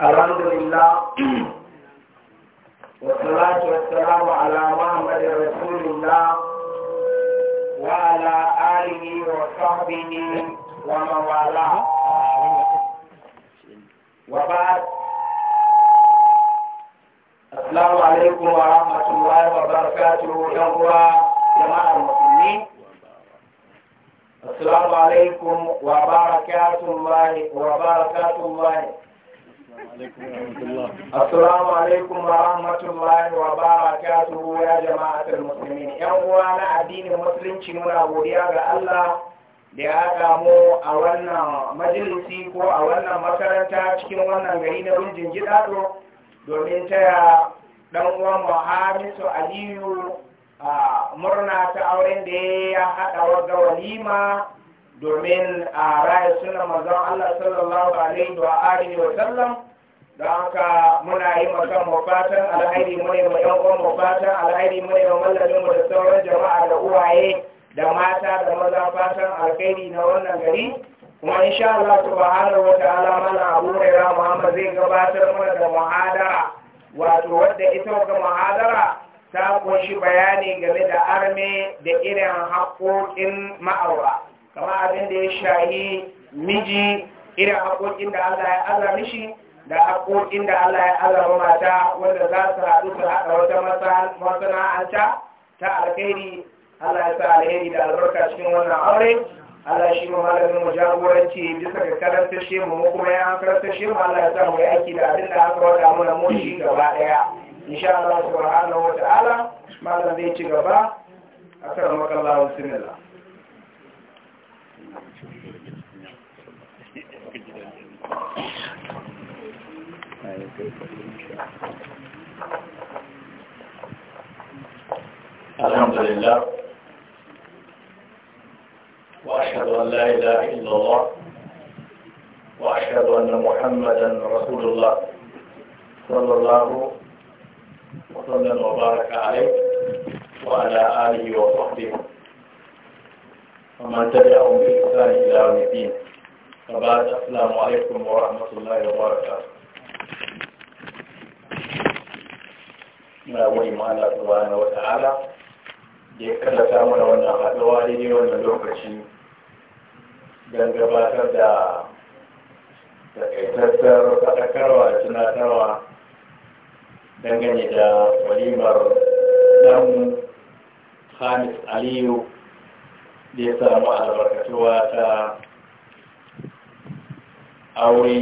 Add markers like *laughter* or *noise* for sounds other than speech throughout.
الحمد لله والصلاة والسلام على محمد رسول الله وعلى آله وصحبه ومن والاه وبعد السلام عليكم ورحمة الله وبركاته يا جماعة المسلمين السلام عليكم وبركاته الله وبركاته الله Assalamu alaikum wa rahmatullahi wa barakatuhu ya jama'atul muslimin. Yan uwa na addinin musulunci muna godiya ga Allah da ya haɗa mu a wannan majalisi ko a wannan makaranta cikin wannan gari na Rijin Gidado domin taya dan uwan Muhammadu Aliyu a murna ta auren da ya haɗa wa walima domin a raya suna mazan Allah sallallahu alaihi wa alihi wa sallam don haka muna yi ma mafatan alhairi mai wa yan uwan mafatan alhairi mai yi mallamin mu da sauran jama'a da uwaye da mata da maza fatan alkhairi na wannan gari kuma insha Allah subhanahu wata ta'ala mana Abu Hurairah Muhammad zai gabatar mana da muhadara wato wadda ita ga muhadara ta kunshi bayani game da arme da irin haƙoƙin ma'aura kamar abin da ya shahi miji irin haƙoƙin da Allah ya azami shi da haƙoƙin da Allah ya azaba mata wanda za su haɗu su haɗa wata masana'anta ta alkhairi Allah ya sa alheri da albarka cikin wannan aure Allah shi mu malamin mu jagoranci bisa ga karanta shi mu mu kuma ya karanta shi mu Allah ya sa mu yi aiki da abin da aka wada mu na mu shi gaba daya insha Allah subhanahu wa ta'ala malam zai ci gaba akan makallahu bismillah Thank *laughs* you. الحمد لله وأشهد أن لا إله إلا الله وأشهد أن محمدا رسول الله صلى الله وسلم وبارك عليه وعلى آله وصحبه ومن تبعهم بإحسان إلى يوم الدين وبعد السلام عليكم ورحمة الله وبركاته muna gode ma Allah subhanahu wa ta'ala da ya kallata mana wannan haɗuwa daidai wannan lokaci don gabatar da takaitattar faɗakarwa da tunatarwa dangane da walimar ɗan Hamis Aliyu da ya samu albarkatuwa ta aure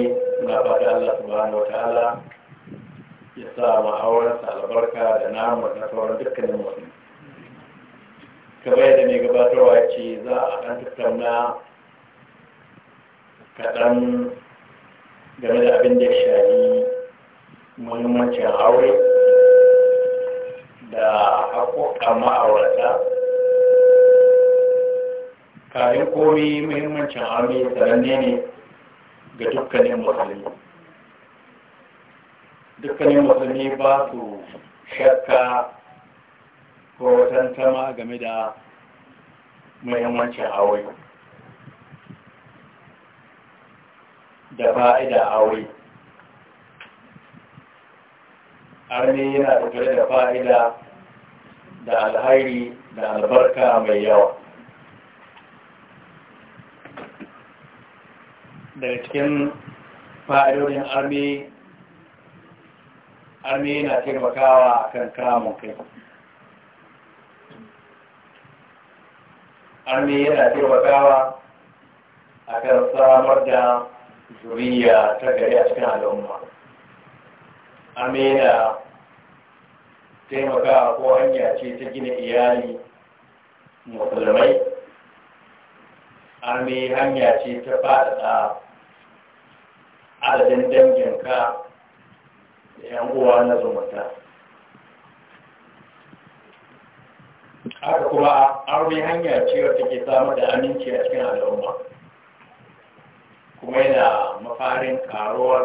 na faɗa Allah subhanahu wa ta'ala ya sa ma'aurarsa albarka da namu na sauran dukkanin wasu kamar yadda mai gabatarwa ce za a ɗan tattauna kaɗan game da abin da ya shafi muhimmancin aure da haƙoƙa ma'aurata Kayan komi muhimmancin aure sananne ne ga dukkanin musulmi dukkanin musulmi ba su shakka ko tantama game da muhimmancin aure da fa'ida aure arni yana tattare da fa'ida da alhari da albarka mai yawa daga cikin fa'idodin arni أمينة البكاوة كان كامل كيف أمينة البكاوة أكان صار مرجع جوية تجري أشكال الأمة أمينة البكاوة هو أن يأتي تجين إيالي مسلمي أمي هم يأتي تفاعل عدد دمجن كامل yan uwa na zumunta haka kuma aure hanya ce take ke samar da aminci a cikin al'umma kuma yana mafarin karuwar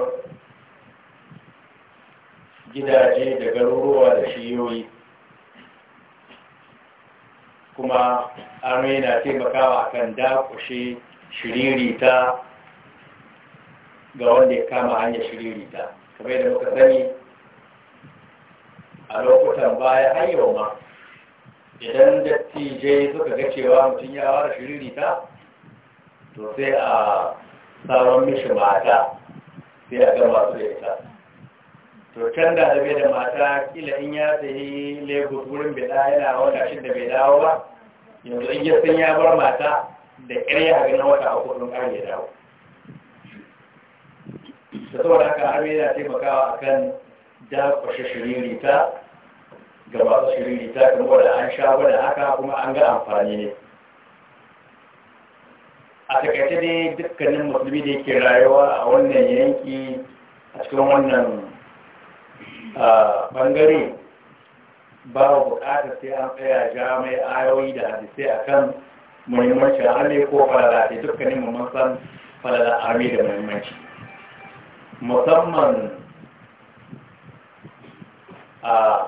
gidaje da garuruwa da shiyoyi kuma arme yana taimakawa kan dakushe shiririta ga wanda ya kama hanyar shiririta kamar yadda muka sani a lokutan baya har yau ma idan dattijai suka ga cewa mutum ya wara shiriri ta to sai a sabon mishi mata sai a gama su da to can da zabe da mata kila in ya sayi lagos wurin bai yana wata shi da bai dawo ba yanzu in ya san ya bar mata da ƙarya a na wata a kudin ya dawo saboda haka har yana taimakawa a kan kwashe shiririta ga masu shiririta kuma da an sha gwada haka kuma an ga amfani ne a takaice dai dukkanin musulmi da yake rayuwa a wannan yanki a cikin wannan bangare a bukatar sai an tsaya ja mai ayoyi da hadisai a kan muhimmancin hannu ko falala dukkanin mamman mun san falala arme da muhimmanci musamman a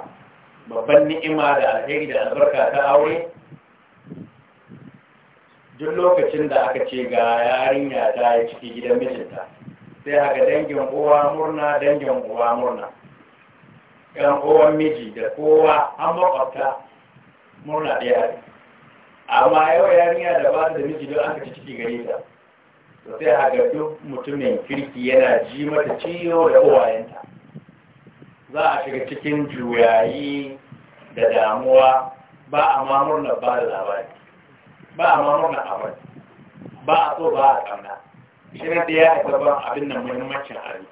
babban ni'ima da alheri da albarka ta aure duk lokacin da aka ce ga yarinya ta yi ciki gidan mijinta sai haka dangin uwa murna dangin uwa murna yan uwan miji da kowa an makwabta murna ɗaya amma yau yarinya da ba da miji don aka ci ciki gare ta to sai a ga duk mutumin kirki yana ji mata ciwo da uwayenta za a shiga cikin juyayi da damuwa ba a mamurna ba da labari ba a mamurna amur ba a so ba a kamna shirin da ya haifar ban abin nan muhimmancin hari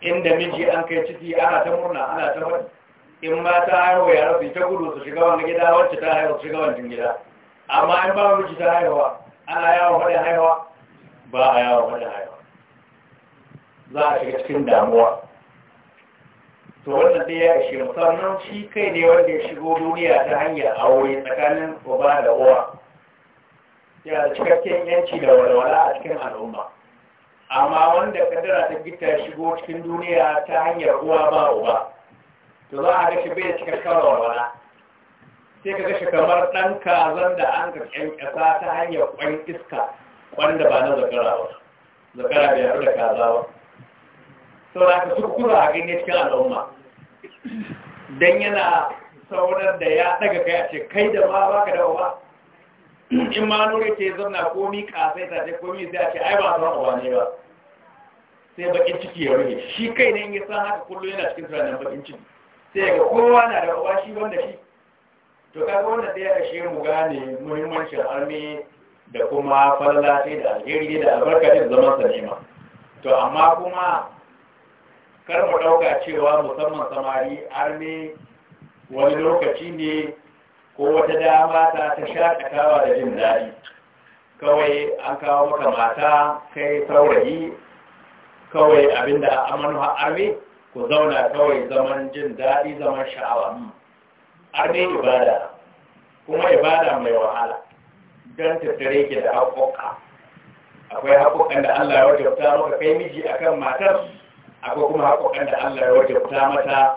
inda miji an kai ciki ana ta murna ana ta faɗi in ba ta haihuwa ya rasu ta gudu su shiga wani gida wacce ta haihuwa su shiga wancan gida amma in ba miji ta haihuwa ana yawon wani haihuwa ba a yawon madahaya za a shiga cikin damuwa to wannan dai ya ishe musamman shi kai ne wanda ya shigo duniya ta hanyar aure tsakanin uba da uwa Ya da cikakken yanci da walwala a cikin al'umma amma wanda kadara ta gita shigo cikin duniya ta hanyar uwa ba uba to za a gashi bai da cikakken walwala sai ka gashi kamar ɗan kazan da an ka ƙasa ta hanyar ƙwan iska wanda ba na zakara ba zakara bai yaro da kaza ba sau da aka surkura a gani cikin al'umma don yana saunar da ya daga kai a ce kai da ma ba ka dawo ba in ma nure ke zauna komi kasai ta ce komi sai a ce ai ba su ba ne ba sai bakin ciki ya rufe shi kai ne in yi san haka kullum yana cikin tunanin bakin ciki sai ga kowa na da uwa shi wanda shi to kaga wanda sai ya kashe mu gane muhimmancin armi da kuma fallace da alheri da albarkacin zaman sa nema to amma kuma kar mu ɗauka cewa musamman samari arme wani lokaci ne ko wata dama ta ta shakatawa da jin daɗi kawai an kawo maka mata kai saurayi kawai abinda amanu arme ku zauna kawai zaman jin daɗi zaman sha'awa arme ibada kuma ibada mai wahala don tattare ke da haƙoƙa akwai haƙoƙan da Allah ya wajabta maka kai miji akan matar akwai kuma haƙoƙan da Allah ya wajabta mata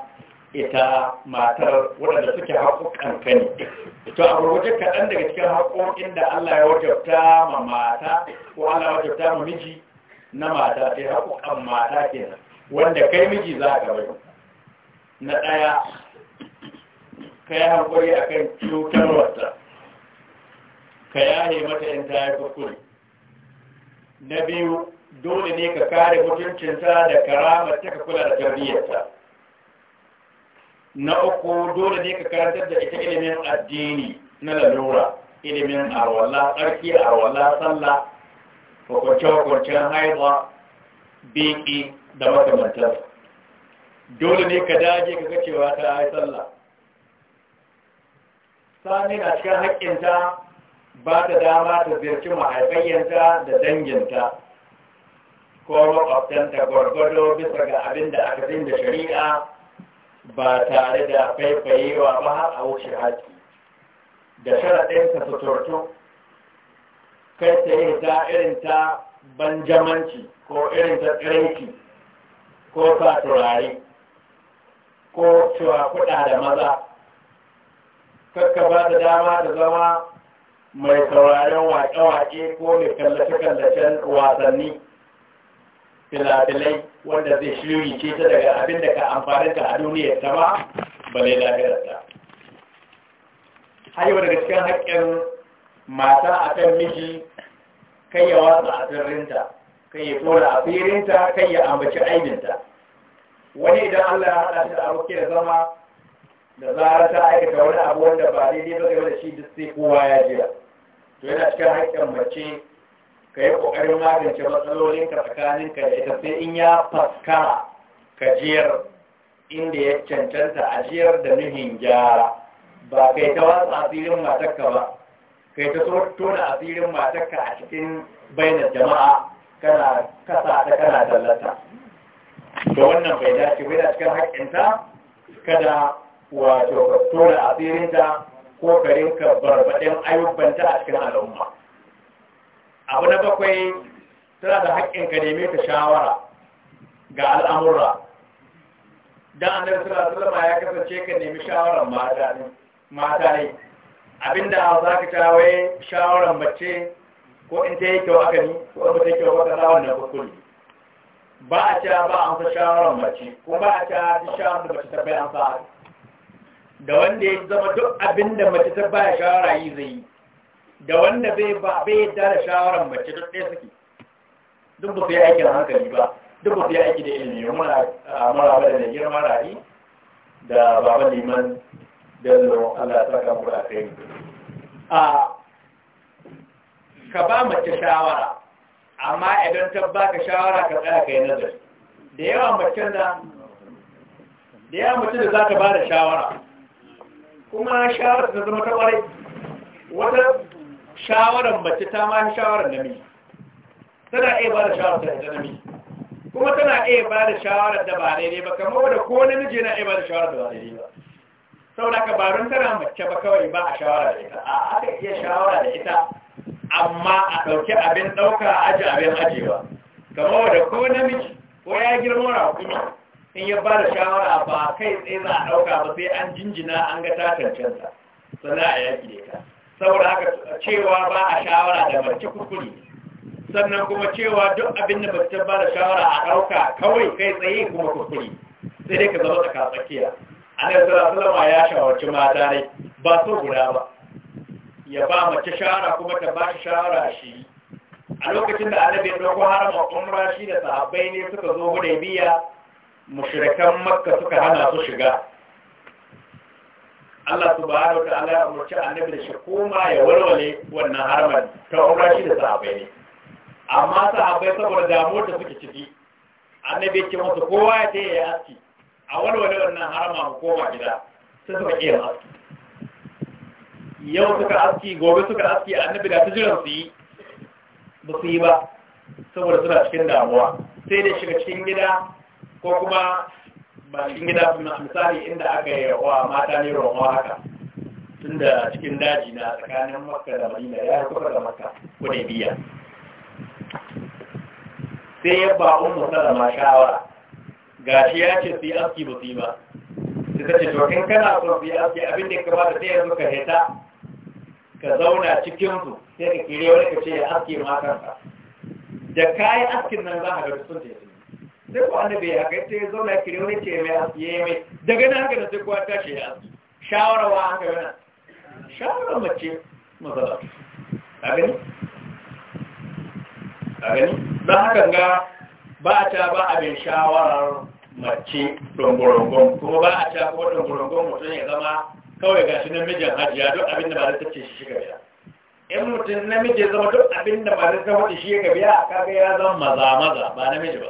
ita matar waɗanda suke haƙoƙan ka ne Ito a wajen kaɗan daga cikin haƙoƙin da Allah ya wajabta ma mata ko Allah ya wajabta ma miji na mata sai haƙoƙan mata kenan wanda kai miji za ka bai na ɗaya kai haƙuri akan cutarwarsa. ka yaye mata in ta yi kuskure na biyu dole ne ka kare mutuncinta da karamar ta ka kula da tarbiyyarta na uku dole ne ka karantar da ita ilimin addini na lalura ilimin arwala tsarki arwala sallah hukunce-hukuncen haihuwa biki da makamantar dole ne ka dage ka cewa ta haifar sallah sani na cikin haƙƙinta ba ta dama ta ziyarci mahaifayyanta da danginta ko makwabtanta gwargwado bisa ga abin da aka zin da shari'a ba tare da faifayewa ba har a wuce haƙi da sharaɗinsa su turtu kai ta yi ta irin ta banjamanci ko irin ta ko sa turare ko cewa kuɗa da maza kakka ba ta dama ta zama mai sauraren waƙe-waƙe ko mai kallace-kallacen wasanni filafilai wanda zai shiri ce ta daga abin da ka amfani ta a duniyar ta ba bale lafiyarta haiwa daga cikin haƙƙin mata a kan miji kai ya watsa a sirrinta kai ya tona a firinta kai ya ambaci aibinta wani idan allah ya haɗa shi da abokiyar zama da zarar ta aikata wani abu wanda ba daidai ba game da shi duk sai kowa ya jira to yana cikin haƙƙin mace ka yi ƙoƙarin magance matsalolin ka tsakanin ka da ita sai in ya faska ka jiyar inda ya cancanta a jiyar da nuhin gyara ba kai ta watsa asirin matarka ba kai ta tona asirin matarka a cikin bainar jama'a kana kasa ta kana tallata to wannan bai dace bai da cikin haƙƙinta kada wato ka tona asirinta ko ka rinka barbaɗin ayyubanta a cikin al'umma abu na bakwai tana da haƙƙin ka neme ta shawara ga al'amura don annabi sallallahu alaihi ya kasance ka nemi shawaran mata ne abinda za ka tawaye shawaran mace ko in ta yi kyau aka ni ko in ta yi kyau aka ka na wannan ba a ta ba an sa shawaran mace ko ba a ta shawarar da mace ta bai an sa da wanda ya zama duk abin da mace ta baya shawara yi zai yi da wanda bai ba bai yadda da shawaran mace duk ɗaya suke duk ba su yi aikin hankali ba duk ba su yi aiki da ilimi mara mara da girma rayi da baban liman bello Allah ta kan kuɗa kai a ka ba mace shawara amma idan ta baka shawara ka tsaya kai nazari da yawa mace da da yawa mace da za ka ba da shawara kuma shawarar da zama ta wata shawarar mace ta ma shawarar namiji tana iya ba da shawarar da ita namiji kuma tana iya ba da shawarar da ba daidai ba kamar wadda ko namiji yana iya ba da shawarar da ba daidai ba saboda ka ba don tana mace ba kawai ba a shawara da ita a aka iya shawara da ita amma a ɗauki abin ɗauka a aji abin ajiyewa kamar wadda ko namiji ko ya girma wani hukumi in ya bada shawara ba kai tsaye za a ɗauka ba sai an jinjina an ga tatancinsa sana a yaƙi da ka saboda haka cewa ba a shawara da mace kukuri sannan kuma cewa duk abin da mace ba da shawara a ɗauka kawai kai tsaye kuma kukuri sai dai ka zama tsaka tsakiya nan sallallahu sulama ya shawarci mata ne ba so guda ba ya ba mace shawara kuma ta ba shi shawara shi a lokacin da annabi ya ɗauko harama umra shi da sahabbai ne suka zo hudaybiya mushrikan makka suka hana su shiga Allah subhanahu wa ta'ala ya umarci annabi da shi koma ya warware wannan harman ta umra shi da sahabbai ne amma sahabbai saboda damuwar da suke ciki annabi ya ce musu kowa ya taya ya aski a warware wannan harma mu koma gida sai suka iya aski yau suka aski gobe suka aski annabi da ta su yi ba su yi ba saboda suna cikin damuwa sai da shiga cikin gida ko kuma ba cikin gida misali inda aka yi wa mata ne ronwa haka tun da cikin daji na tsakanin maka da madina ya kuka da maka kudai biya sai ya ba umu da mashawa. ga shi ya ce su yi aski ba su yi ba sai ta ce tokin kana so su yi aski abin da ba da sai yanzu ka heta ka zauna cikinsu sai ka kire wani ka ce ya aski ma kanka da yi askin nan za a ga sun sai ko annabi ya kai sai zo na kire wani ce mai asiye mai daga nan haka da sai kuwa tashi ya asi shawara wa haka yana shawara mace matsala a gani a gani don haka ga ba a ta ba abin shawarar mace dongorongon kuma ba a ta kuma dongorongon mutum ya zama kawai ga shi namijin hajiya duk abin da ba zai tace shi shiga biya in mutum namiji zama duk abin da ba zai tace shi shiga biya a kaga ya zama maza maza ba namiji ba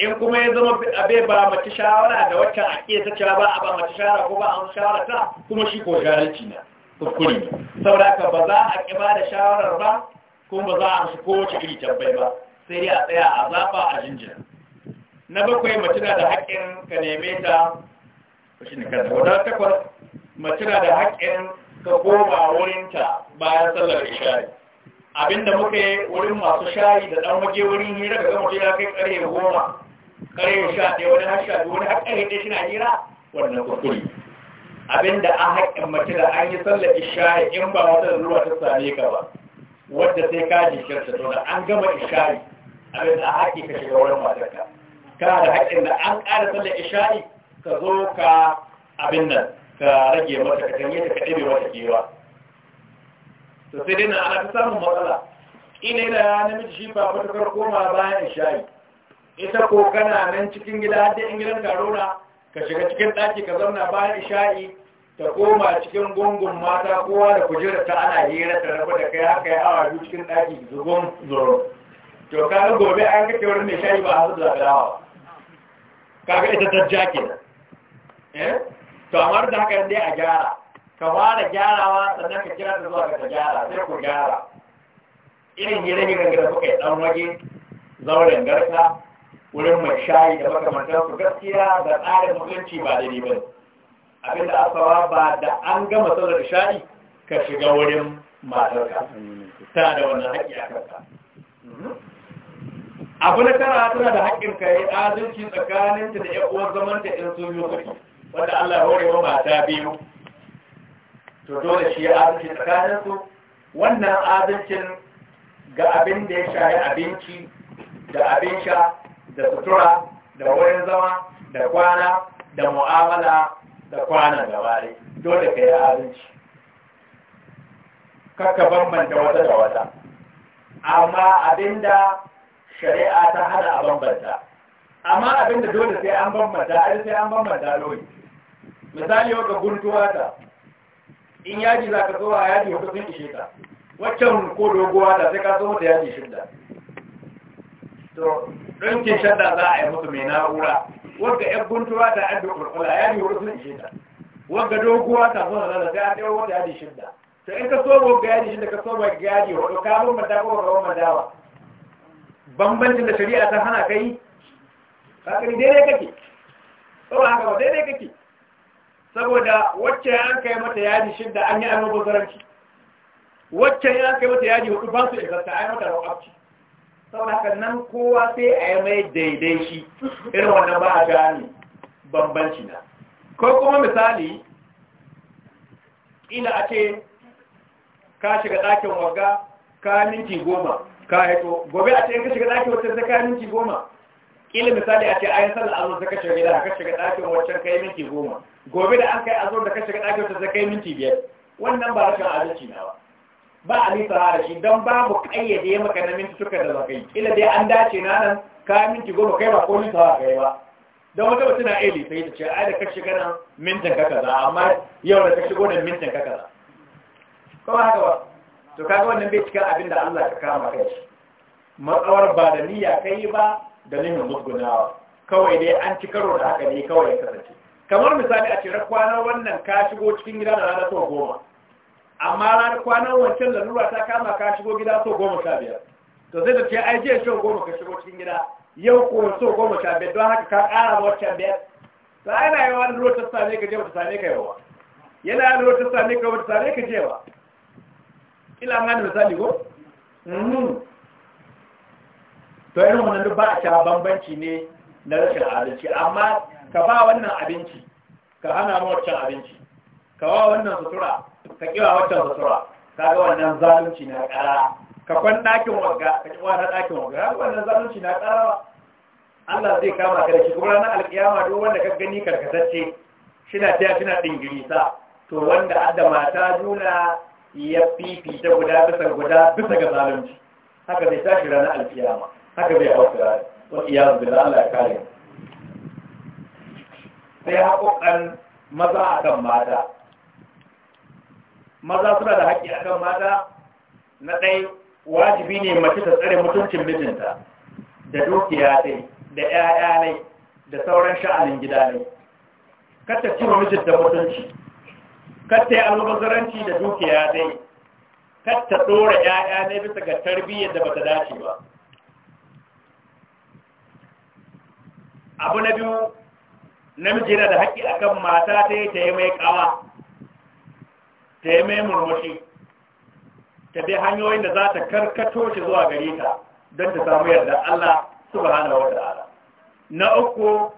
in kuma ya zama abe ba mace shawara da wacce a ke ta cira ba a ba mace shawara ko ba a shawara ta kuma shi ko jahilci na kuskure saboda ka ba za a ƙi ba da shawarar ba kuma ba za a ko kowace iri tabbai ba sai dai a tsaya a zaɓa a jinjin na bakwai mace na da haƙƙin ka neme ta shi ne kan wadda takwas mace na da haƙƙin ka koma wurinta bayan sallar ishari. abinda muka yi wurin masu shayi da ɗan waje wurin hira ga gama ya kai ƙarfe goma kare sha ɗaya wani har sha wani abinda an haƙƙin mace da an yi in ba wata a ta same ka ba wadda sai ka an gama abinda a haƙƙi ka shiga wurin ka da haƙƙin da an ƙara ka zo ka abin nan ka rage mata mata kewa na samun matsala ƙila yana namiji shi ba matukar koma bayan isha'i ita ko kana nan cikin gida har da ingilan karona ka shiga cikin daki ka zauna ba isha'i ta koma cikin gungun mata kowa da kujera ta ana hira ta rabu da kai haka ya awa biyu cikin daki zugon zoro to kaga gobe an kake wurin mai shayi ba hasu da Ka kaga ita ta jake eh to amar da haka dai a gyara ka fara gyarawa sannan ka kira ta zuwa ka ta gyara sai ku gyara irin hira hira da kuka yi dan waje zauren garka wurin mai shayi da makamantar su gaskiya da tsarin mutunci ba da ne abinda asawa ba da an gama sallar shayi ka shiga wurin matarka tana da wannan haƙƙi a kanka abu na tara tana da haƙƙin ka yi adalci tsakaninta da ƴan zaman zamanta in sun yi kuɗi wanda Allah ya hore wa mata biyu to dole shi ya adalci su wannan adalcin ga abin da ya shayi abinci da abin sha da sutura da wurin zama da kwana da mu'amala da kwana gabare dole ka yi abinci kakka bambanta wata da wata amma abinda shari'a ta hana a bambanta amma abinda dole sai an bambanta ai sai an bambanta dole misali ga guntuwa ta in yaji za ka tsowa yaji hukusun sun ishe ta waccan ko doguwa ta sai ka tsowa ta yaji shidda to ɗinkin shadda za a yi musu mai na'ura wadda ya guntuwa ta an da kurkula ya biyu wasu ne ta wadda doguwa ta zuwa da sai a ɗaya wata yadi shida to in ka so ba gadi shida ka so ba gadi wadda ka mata ko ka bin madawa bambancin da shari'a ta hana kai kakari daidai kake tsawon haka ba daidai kake saboda wacce an kai mata yadi shida an yi annobazaranci wacce an kai mata yadi hudu ba su isa ta yi da rakwabci saboda haka nan kowa sai a yi mai daidai shi irin wannan ba a gane bambanci na ko kuma misali ina a ce ka shiga ɗakin wagga ka minti goma ka haito gobe a ce ka shiga ɗakin wacce sai ka minti goma ƙila misali a ce a yi sallar azur sai ka shiga gida ka shiga ɗakin wacce ka yi minti goma gobe da an kai azur da ka shiga ɗakin wacce sai ka yi minti biyar wannan ba rashin adalci na ba ba a nisa da shi don babu kayyade maka na minti suka da zakai ila dai an dace na nan ka minti goma kai ba ko nisa ba kai ba don wata mutum na eli sai ta ce ai da ka shiga nan mintin ka kaza amma yau da ka shigo nan mintin ka kaza kuma haka ba to kaga wannan bai cikin abin da Allah ka kama kai matsawar ba da niyya kai ba da nihin musgunawa kawai dai an ci karo da haka ne kawai ya kasance kamar misali a ce rakwana wannan ka shigo cikin gida na ranar sau goma amma ranar kwanan wancan lalura ta kama ka shigo gida so goma sha biyar to zai da ce ai jiya shan goma ka shigo cikin gida yau ko so goma sha biyar don haka ka kara ma wancan biyar ta yana yawa lura ta same ka jewa ta same ka yawa yana yawa da ta same ka yawa ta same ka jewa ila an gani misali ko mhm. to irin wannan duk ba a cewa bambanci ne na rashin adalci amma ka ba wannan abinci ka hana ma wancan abinci wa wannan sutura ka kiwa wancan sutura Ka ga wannan zalunci na ƙara ka kwan ɗakin wagga ka kiwa na ɗakin wagga wannan zalunci na ƙara Allah zai kama ka da shi kuma ranar alƙiyama duk wanda ka gani karkatacce shina taya shina sa to wanda adda mata juna ya fifita guda bisa guda bisa ga zalunci haka zai tashi ranar alƙiyama haka zai hau kira wa iyazu billah Allah ya kare sai haƙoƙan maza kan mata maza suna da haƙƙi akan mata na ɗai wajibi ne mace ta tsare mutuncin mijinta da dukiya ta da ƴaƴa ne da sauran sha'anin gida ne ta ci wa mijinta mutunci ta yi almubazaranci da dukiya ta ɗora ‘ya'ya ne bisa ga tarbiyya da bata dace ba abu na biyu namiji yana da haƙƙi akan mata ta yi ta yi mai ƙawa ta yi mai murmushi ta dai hanyoyin da za ta karkato shi zuwa gari ta don ta samu yarda Allah subhanahu wa ta'ala na uku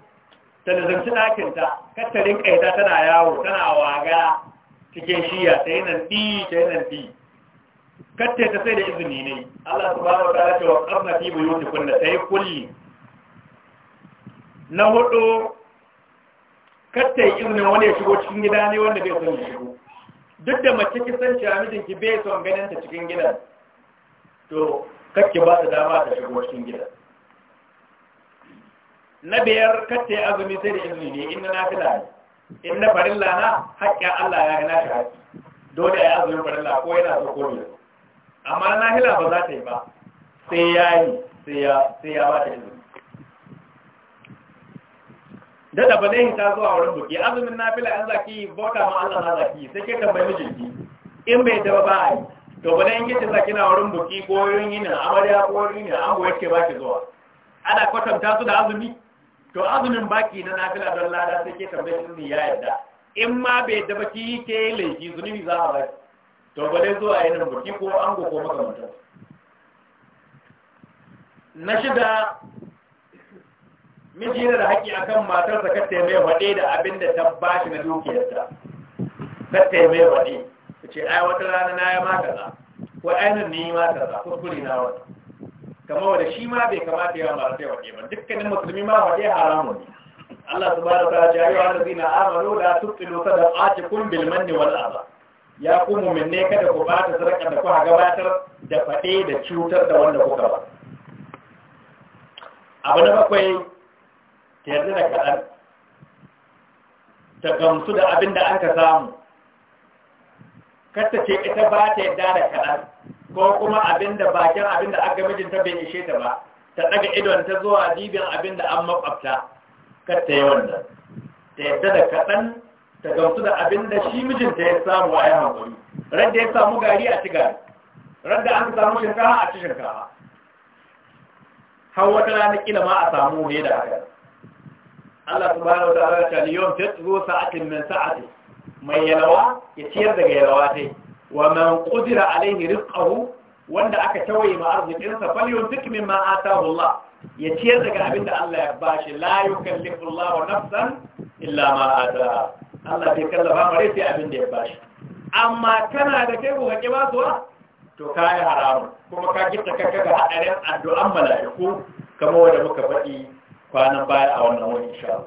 ta nazarci ɗakinta kattarin ƙaita tana yawo tana waga cikin shiya ta yi nan ɗi ta yi nan ɗi kattai ta sai da izini ne Allah subhanahu wa ta'ala cewa ƙarna fi buyuti da ta yi kulli na hudu kattai izinin wani ya shigo cikin gida ne wanda bai son shigo duk da mace ki san cewa mijinki bai son ganin ta cikin gidan to kake ba ta dama ta shigo cikin gidan na biyar kace azumi sai da izini ne inna na ne in na farilla na haƙƙin Allah ya gina shi haƙƙi dole ya azumin farilla ko yana so ko amma amma hila ba za ta yi ba sai ya yi sai ya ba ta izini dada ba zai hita zuwa wurin buki azumin nafila an zaki bauta ma Allah na zaki sai ke tambayi mijinki in bai da ba ai to ba dan yake zaki na wurin buki ko yin yin amarya ko yin yin an goye ke baki zuwa ana kwatanta su da azumi to azumin baki na nafila don lada sai ke tambayi shi ya yadda in ma bai da baki ke laifi zunubi za a baki to ba dai zuwa yin buki ko an go ko makamantar na shida miji yana da haƙƙi akan matarsa ka taimai waɗe da abin da ta ba shi na dukiyarta ka taimai waɗe ka ce ai wata rana na ya ma kaza ko ainihin ya ma kaza kuri na wata kamar wanda shi ma bai kamata yawan mara sai waɗe ba dukkanin musulmi ma waɗe haramun ne Allah subhanahu wa ta'ala ya yi wa allazina amanu da tubtilu kun bilman ne wal adha ya ku mu'minne kada ku bata sarƙa da ku gabatar da faɗe da cutar da wanda kuka ba abu na bakwai ta da kaɗan ta gamsu da abin da aka samu kasta ce ita ba ta yadda da kaɗan ko kuma abin da bakin abin da aka mijinta bai ishe ta ba ta ɗaga idon ta zuwa dibin abin da an makwabta kasta yi wannan ta yadda da kaɗan ta gamsu da abin da shi mijinta ya samu a yi hankali radda ya samu gari a ci gari radda an samu shinkawa a ci shinkawa har wata rana kila ma a samu ne da haka Allah subhanahu wa ta'ala ta liyon tatlu sa'atin min sa'ati mai yalawa ya ciyar daga yalawa tai wa man qudira alaihi rizqahu wanda aka tawaye ma arzikin sa falyun tik mimma atahu Allah ya ciyar daga abinda Allah ya bashi la yukallifu Allah nafsan illa ma Allah bai kallafa mare sai abinda ya bashi amma kana da kai ko kake basuwa to kai haramun kuma ka kitta kakka ga hadarin addu'an mala'iku kamar wanda muka faɗi kwanan baya a wannan wani insha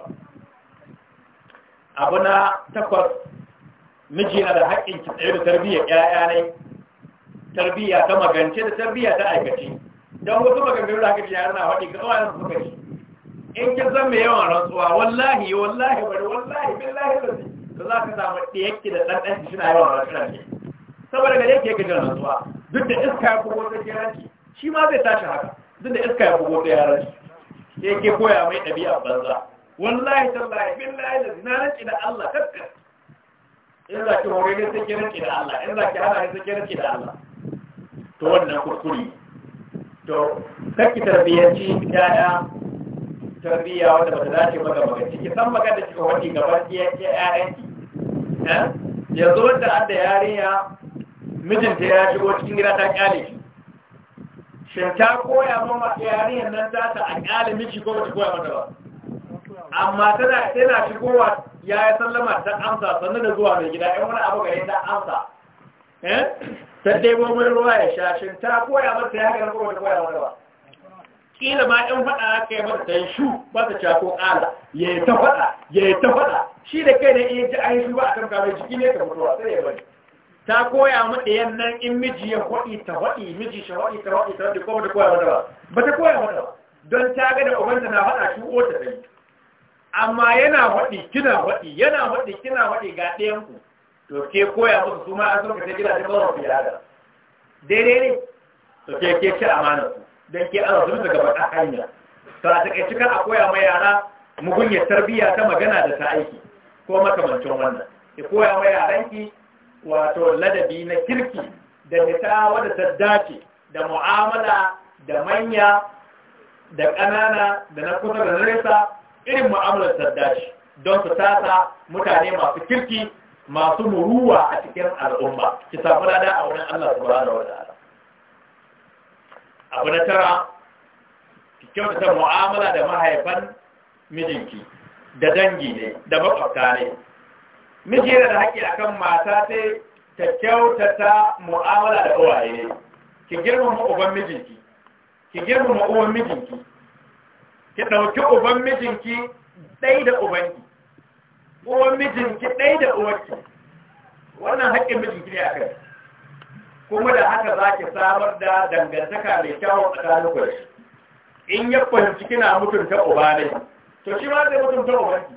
abu na takwas miji na da haƙƙin ki tsaye da tarbiyyar ƴaƴa ne tarbiyya ta magance da tarbiyya ta aikace don wasu maganganu da haka ji yaran na faɗi ga tsawon su kai in ki san me yawan rantsuwa wallahi wallahi bari wallahi billahi lazi to za ka samu ɗiyakki da ɗan ɗan shi na yawan rantsuwa ne saboda ga yake gajiyar rantsuwa duk da iska ya bugo ta yaranci shi ma zai tashi haka duk da iska ya bugo ta yaranci sai ke koya mai ɗabi'a banza wallahi tallahi billahi da zina rance da Allah kakka in za ki hore ne sai ki rance da Allah in za ki hana ne sai ki rance da Allah to wannan kuskure to kakki tarbiyyanci yaya tarbiyya wanda ba ta dace ba gaba ki san magana da kika wani gaba ki yake ƴaƴanki eh? yanzu wanda an da yarinya mijinta ya shigo cikin gida ta kyale shi shin ta koya ma yarinyar nan za ta alƙali miji ko wata koya mata ba amma tana tana shigowa ya yi sallama ta amsa sannan da zuwa mai gida yan wani abu gari ta amsa eh ta ɗebo mai ruwa ya sha shin ta koya mata ya gani ko wata koya mata ba kila ma ɗan faɗa kai mata ta yi shu ba ta ca ko ƙala ya yi ta faɗa ya yi ta faɗa shi da kai ne iya ji an yi shu ba a kan kamar jiki ne ka mutuwa sai ya bari ta koya mu da yannan in miji ya kwaɗi ta waɗi miji shi waɗi ta waɗi ta waɗi ko da koya mata ba ba ta koya mata ba don ta ga da ubanta na faɗa shi ko ta sai amma yana waɗi kina waɗi yana waɗi kina waɗi ga ɗayan ku to ke koya musu su ma an zo ka ta gida ta ba ku da daidai ne to ke ke ci amana ku dan ke an zuba gaba ta hanya to a takaice kan a koya ma yara mugunyar tarbiyya ta magana da ta aiki ko makamancin wannan ke koya ma yaranki wato ladabi na kirki da fita wadda ta dace da mu'amala da manya da ƙanana da na kusa da nesa irin mu'amalar ta dace don su tasa mutane masu kirki masu muruwa a cikin al'umma ki samu lada a wurin Allah subhanahu ala. abu na tara ki kyautata mu'amala da mahaifan mijinki da dangi ne da makwabta ne miji yana da haƙƙi akan mata sai ta kyautata mu'amala da uwaye ki girmama uban mijinki ki girmama uban mijinki ki ɗauki uban mijinki ɗai da ubanki Uban mijinki ɗai da uwarki wannan haƙƙin mijinki ne a kai kuma da haka za ki samar da dangantaka mai kyawun tsakanin ku in ya fahimci kina mutunta uba ne to shi ma zai mutunta ubanki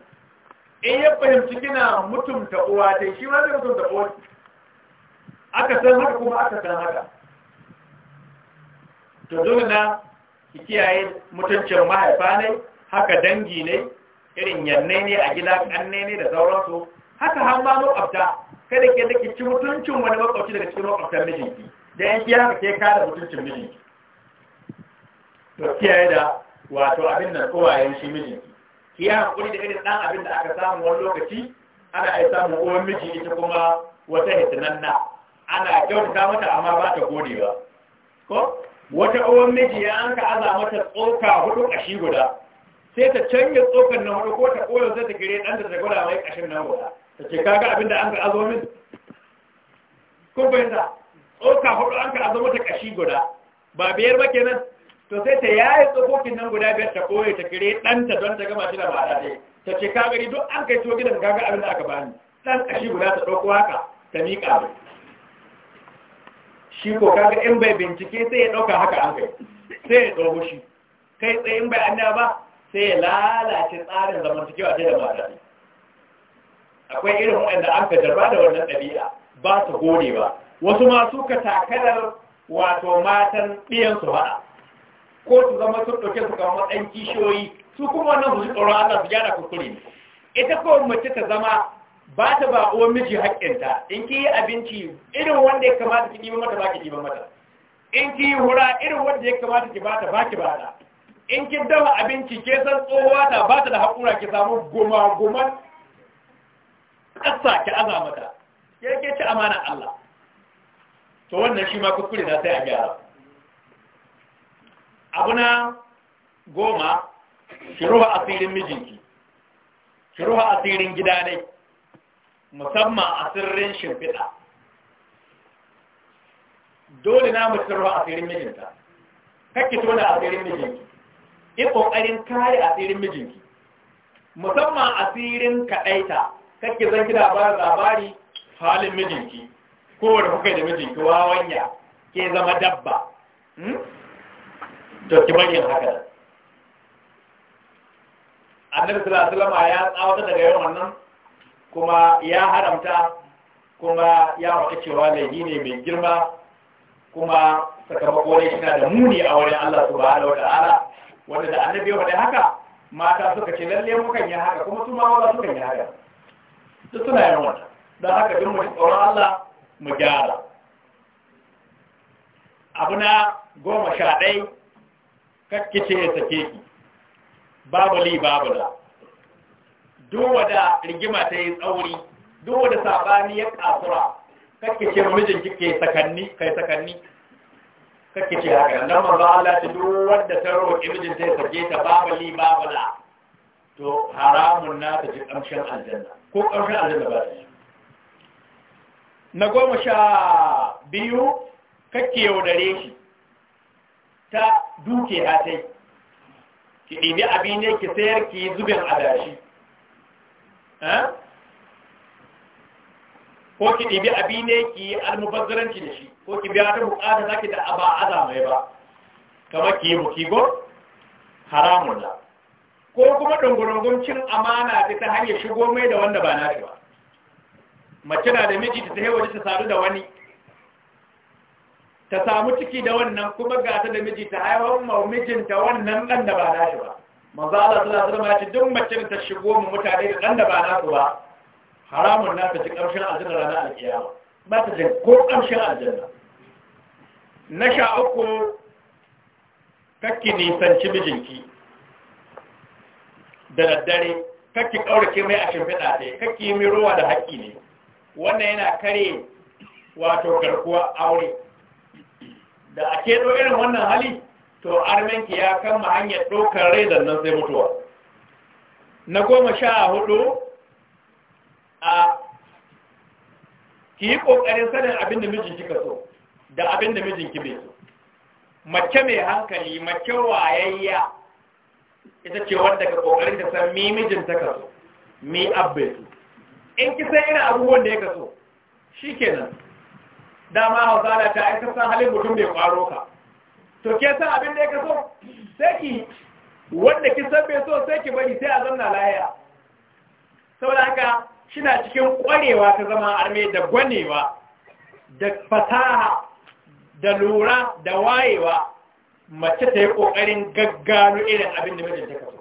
in ya fahimci kina mutunta uwa ta shi ma zai mutunta uwa aka san haka kuma aka san haka to dole na ki kiyaye mutuncin mahaifa ne haka dangi ne irin yanne ne a gida kanne ne da sauransu haka har ma makwabta kada ke nake ci mutuncin wani makwabci daga cikin maƙwabtar mijinki da yan kiya haka ke kada mutuncin mijinki to kiyaye da wato abin nan kowayen shi mijinki ya yi haƙuri da irin ɗan abin da aka samu wani lokaci ana ai samu uwan miji ita kuma wata hitinanna ana kyautata mata amma ba ta gode ba ko wata uwan miji ya an ka aza mata tsoka hudu ƙashi guda sai ta canja tsokan na hudu ko ta koyo sai ta gire ɗan da ta gwada mai ƙashin nan guda ta ce kaga abin da an ka azo min ko bai tsoka hudu an ka azo mata ƙashi guda ba biyar ba kenan to sai ta yayi tsofaffin nan guda biyar ta koye ta kire ɗanta don ta gama shi da mata ta ce ka gari duk an kai ciwo gidan gaga abin da aka bani ɗan ƙashi guda ta ɗauko haka ta miƙa mai shi ko kaga in bai bincike sai ya ɗauka haka an kai sai ya ɗauko shi kai tsaye in bai annaba ba sai ya lalace tsarin zamantakewa ta da mata ne akwai irin waɗanda an ka jarba da wannan ɗabi'a ba su gode ba wasu ma suka takarar wato matan ɗiyansu ba'a ko su zama sun ɗauke su kama ɗan kishiyoyi su kuma wannan su ji tsoron Allah su gyara kuskure ne ita ko mace ta zama ba ta ba uwan miji haƙƙinta in ki yi abinci irin wanda ya kamata ki ɗiba mata ba ki ɗiba mata in ki yi hura irin wanda ya kamata ki bata ba ki bata in ki dama abinci ke san tsohuwa ta ba ta da haƙura ki samu goma goma ƙasa ki aza mata ya ke ci amana Allah to wannan shi ma kuskure na sai a gyara abu na goma shiruha asirin mijinki shiruha asirin gida ne musamman asirin shimfiɗa dole na mu shiruha asirin mijinta kakki tona asirin mijinki yi ƙoƙarin kare asirin mijinki musamman asirin kaɗaita kakki zan gida ba labari halin mijinki kowane kuka da mijinki wawanya ke zama dabba hmm? to haka da. A annabi sallallahu alaihi wasallam ya tsawata daga yau wannan kuma ya haramta kuma ya faɗi cewa laifi ne mai girma kuma sakamako ne shi da muni a wurin Allah subhanahu wataala wanda da annabi ya faɗi haka mata suka ce lalle mukan yi haka kuma su ma maza sukan yi haka duk suna yin wata. Da haka duk mu tsoron Allah mu gyara abu na goma sha ɗaya kakkice ya sake ki babu li babu la duwa da rigima ta yi tsauri duwa da sabani ya kasura kakkice mijin kike sakanni kai sakanni kakkice haka nan manzo Allah ta duk wanda ta roƙi mijin ta sake ta babu li babu la to haramun na ta ji kamshin aljanna ko kamshin aljanna ba ta na goma sha biyu kakke yaudare shi duke hatai ki ɗibi abin ne ki sayar ki zubin adashi ko ki ɗibi abin ne ki yi almubazzaranci da shi ko ki biya ta bukata za ki da aba aza ba Kama ki yi buki go haramun na ko kuma ɗungurungun cin amana ta ta hanyar shigo mai da wanda ba na ba mace na da miji ta ta waje ta sadu da wani ta samu ciki da wannan kuma gata da miji ta haifar ma mijinta wannan ɗan da ba na shi ba manzo Allah sallallahu alaihi wasallam ya ce duk mace ta shigo mu mutane da ɗan da ba na su ba haramun na ta ci ƙarshen aljanna a alkiyama ba ta da ko ƙarshen aljanna na sha uku kakki nisanci mijinki da daddare kakki ƙaurace mai a shimfiɗa ne kakki yi ruwa da haƙƙi ne wannan yana kare wato garkuwa aure da a keto irin wannan hali to arminki ya kama hanyar ɗaukar rai da nan sai mutuwa na goma sha hudu a ki yi ƙoƙarin sanin abin da mijin kika so da abin da mijin kibe mace mai hankali mace wayayya ita ce wanda ka ƙoƙarin da san mi mijin ta kaso mi abbe su in ki san irin abubuwan da ya kaso shi kenan dama hausa na ta aika san halin mutum bai kwaro ka to ke san abin da ya kaso sai ki wanda ki san bai so sai ki bari sai a zanna lahiya saboda haka shina cikin kwarewa ta zama arme da gwanewa da fasaha da lura da wayewa mace ta yi ƙoƙarin gaggano irin abin da mijinta ka so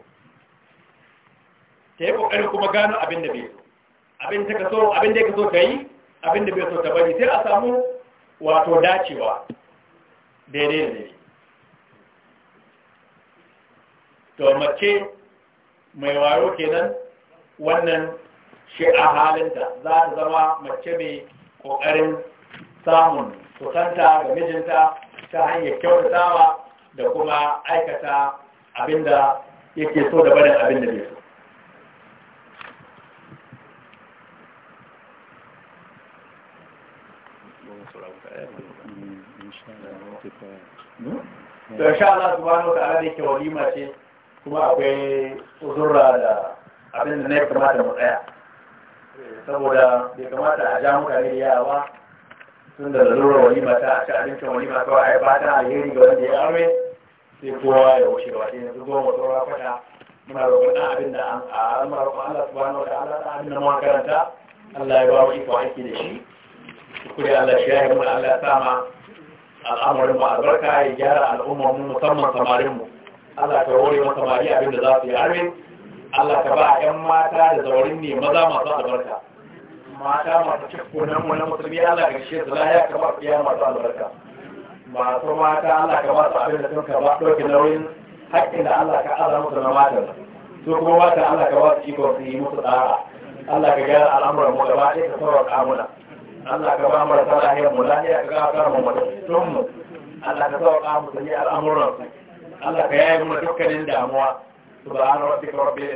ta yi ƙoƙarin kuma gano abin da bai so abin da ka so abin da ya ka so ka yi abin da bai so ta bari sai a samu wato dacewa daidai da daidai to mace mai wayo kenan wannan shi a halinta za ta zama mace mai ƙoƙarin samun kusanta ga mijinta ta hanyar kyautatawa da kuma aikata abinda yake so da barin abinda bai so da sha Allah subhanahu ta'ala da ke walima ce kuma akwai uzurra da abin da ne kamata mu tsaya saboda bai kamata a ja mutane da yawa tun da lalura walima ta a ci abincin walima kawai a yi fata alheri ga wanda ya arme sai kowa ya wuce da wajen yanzu goma tsoron kwata muna roƙon ɗan abin da an a muna roƙon Allah subhanahu ta'ala ɗan abin da mu karanta Allah ya ba mu iko aiki da shi kure Allah shi ya yi mun Allah ya sama al'amarin mu albarka ya gyara al'ummar mu musamman samarin mu Allah ka hore masa mari abin da za su yi amin Allah ka ba ƴan mata da zaurin ne maza masu albarka mata masu cikkunan mu na musulmi Allah ka shi su lahiya ka ba iya masu albarka masu mata Allah ka ba su abin da sun ka ba ɗauki nauyin haƙƙin da Allah ka ala musu na matan su kuma mata Allah ka ba su iko su yi musu tsara Allah ka gyara al'amuran mu gaba ɗaya ka sauran amuna Allah ka ba mu da salahiyar mu lahiya ka gafara mu mutum mu Allah ka sauka mu da al'amuran Allah ka yaye mu dukkanin damuwa subhana rabbika rabbil